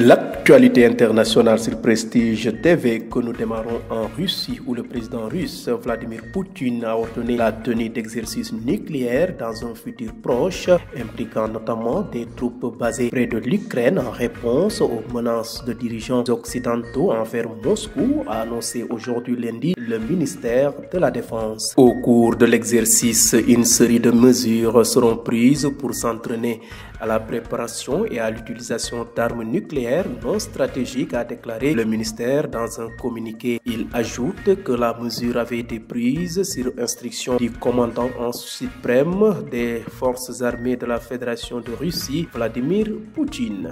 L'actualité internationale sur Prestige TV que nous démarrons en Russie où le président russe Vladimir Poutine a ordonné la tenue d'exercices nucléaires dans un futur proche impliquant notamment des troupes basées près de l'Ukraine en réponse aux menaces de dirigeants occidentaux envers Moscou a annoncé aujourd'hui lundi le ministère de la Défense. Au cours de l'exercice, une série de mesures seront prises pour s'entraîner à la préparation et à l'utilisation d'armes nucléaires non stratégique, a déclaré le ministère dans un communiqué. Il ajoute que la mesure avait été prise sur instruction du commandant en suprême des forces armées de la Fédération de Russie, Vladimir Poutine.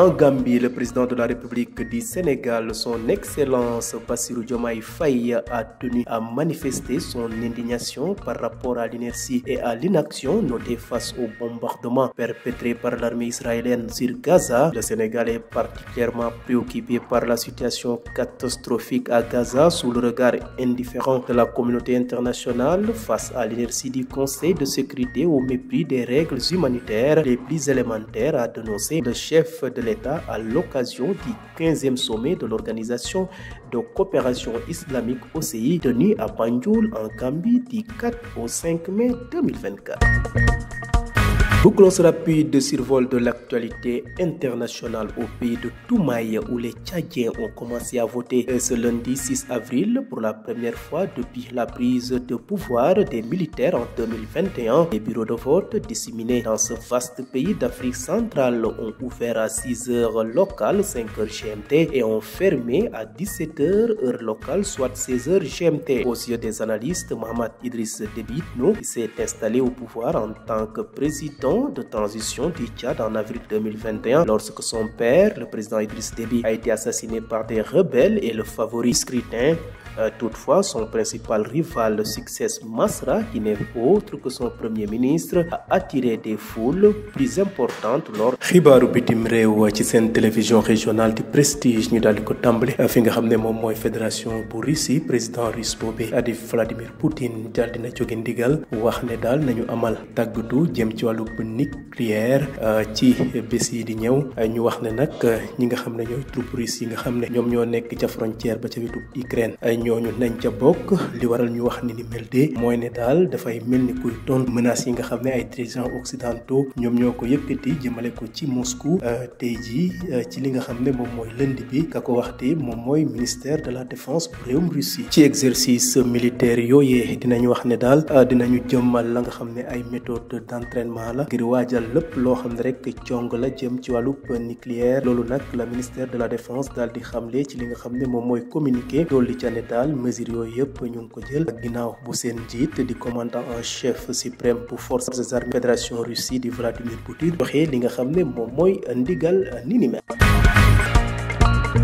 En Gambie, le président de la République du Sénégal, son Excellence Bassirou Diomaye Faye, a tenu à manifester son indignation par rapport à l'inertie et à l'inaction notée face au bombardement perpétré par l'armée israélienne sur Gaza. Le Sénégal est particulièrement préoccupé par la situation catastrophique à Gaza sous le regard indifférent de la communauté internationale face à l'inertie du Conseil de sécurité au mépris des règles humanitaires les plus élémentaires, a dénoncé le chef de à l'occasion du 15e sommet de l'Organisation de coopération islamique OCI tenu à Banjul en Gambie du 4 au 5 mai 2024 sera ce rapide survol de l'actualité internationale au pays de Toumaï où les Tchadiens ont commencé à voter euh, ce lundi 6 avril pour la première fois depuis la prise de pouvoir des militaires en 2021. Les bureaux de vote disséminés dans ce vaste pays d'Afrique centrale ont ouvert à 6 heures locales, 5 heures GMT et ont fermé à 17 heures heure locale, soit 16 heures GMT. Aux yeux des analystes, Mohamed Idriss Debitno s'est installé au pouvoir en tant que président de transition du Tchad en avril 2021 lorsque son père, le président Idriss Déby, a été assassiné par des rebelles et le favori scrutin euh, toutefois, son principal rival, le succès Masra, qui n'est autre que son premier ministre, a attiré des foules plus importantes lors. xibaaru bitim réew ci seen télévision régionale de prestige ñu daal di ko tàmbale fi nga xam ne fédération pour ici président Bobé, a dit Vladimir Poutine daal dina jóge ndigal wax nañu amal Tagudu jëm ci nucléaire euh, ci bés yi di ñëw ñu wax ne nag ñi nga xam ne ñooy troupe russe yi nga xam ne ñoom ñoo nekk ca frontière ba ca wetu Ukraine ñooñu nañ ca bokk li waral ñu wax ni ni mel de mooy ne daal dafay mel ni kuy ton menaces yi nga xam ne ay dirigeants occidentaux ñoom ñoo ko yëkkati jëmale ko ci Moscou euh, tey jii euh, ci li nga xam ne moom mooy lënd bi ka ko waxte moom mooy ministère de la défense bu réewum Russie ci exercice militaire yooyee dinañ wax ne daal dinañu jëmmal la nga xam ne ay méthode d'entraînement la ngir waajal lépp loo xam ne rek cong la jëm ci nucléaire loolu nag la ministère de la défense daal di xamle ci li nga xam ne moom mooy communiqué dolli ca ne daal mesures yooyu ko jël bu seen di commandant en chef suprême pour forces armées fédération Russie du Vladimir Poutine joxe li nga xam ne moom ndigal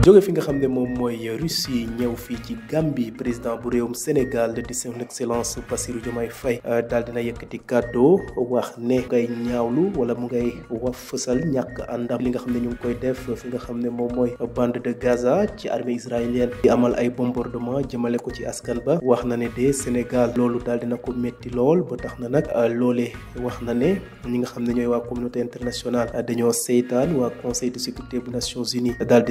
jóge fi nga xam ne moom mooy Russie ñëw fii ci Gambie président bu réew réewum Sénégal di son excellence Bassirou Diomaye Faye euh, daal dina yëkkati kàddoo wax ne ngay ñaawlu wala mu ngay wax fësal ñàkk àndam li nga xam ne ñu ngi koy def fi nga xam ne moom mooy bande de Gaza ci armée israélienne di amal ay bombardement jëmale ko ci askan ba wax na ne de Sénégal loolu daal dina ko métti lool ba tax na nag euh, loole wax na ne ñi nga xam ne ñooy waa communauté internationale euh, dañoo saytaan waa conseil de sécurité bu Nations Unies daal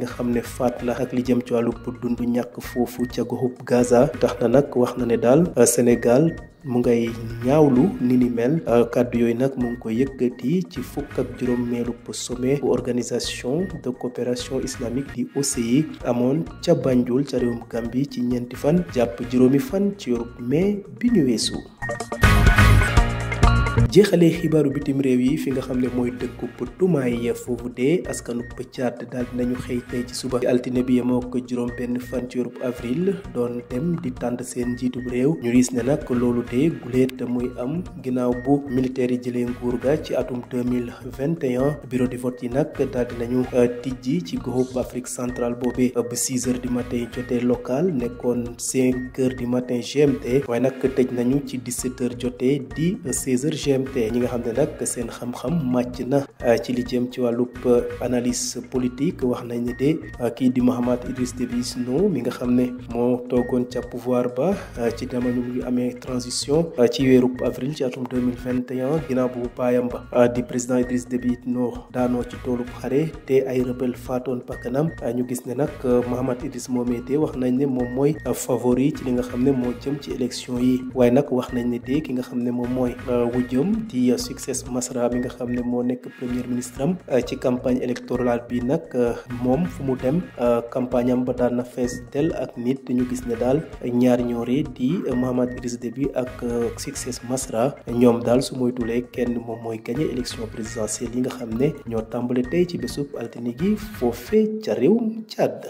nga xam ne faat la ak li jëm ci wàllu dund ñàkk foofu ca goxub Gaza tax na nag wax na ne daal euh, Sénégal mu ngay ñaawlu ni ni mel euh, kàddu yooyu nag mu ngi ko yëkkati ci fukk ak juróom-meelu sommet bu organisation de coopération islamique di OCI amoon ca Banjul ca réewum Gambie ci ñeenti fan jàpp juróomi fan ci yorub mai bi ñu weesu. jeexalee xibaaru bitim réew yi fi nga xam ne mooy dëkku tumaay ya foofu dee askanu pëccaat daal dinañu xëy tey ci suba ci altine bi yemoo ko juróom benn fan ci weeru avril doon dem di tànd seen njiitu réew ñu riis ne nak loolu dee te muy am ginnaaw bu militaire yi jëlee nguur ga ci atum 2021 bureau de vote yi nag daal dinañu euh, tijji ci goxub Afrique centrale boobee euh, ba 6 heures du matin jotee local nekkoon 5 heures du matin GMT waaye nag tëj nañu ci 17 heures jotee di 16 te ñi nga xam ne nag seen xam-xam màcc na euh, ci li jëm ci wàllu euh, analise politique wax nañ ne de euh, kii di Mahamat Idriss Déby no mi nga xam ne moo toogoon ca pouvoir ba ci jamono bi amee transition ci weerub avril ci atum 2021 ginnaaw bu baayam ba di président de Déby Itno daanoo ci toolub xare te ay rebelle faatoon bakkanam ñu gis ne nag Mahamat Idriss moomee de wax nañ ne moom mooy favori ci li nga xam ne moo jëm ci élection yi waaye nag wax nañ Saloum di Succès Masra bi nga xam ne moo nekk premier ministre am euh, ci campagne électorale bi nag euh, moom fu mu dem euh, campagne am na fees del ak nit dañu gis ne daal ñaar ñoore di Mahammed de Déby ak Succès Masra ñoom daal su moytulee kenn moom mooy gagné élection présidentielle yi nga xam ne ñoo tàmbali tey ci bésu altine gi foofee ca réewum Tchad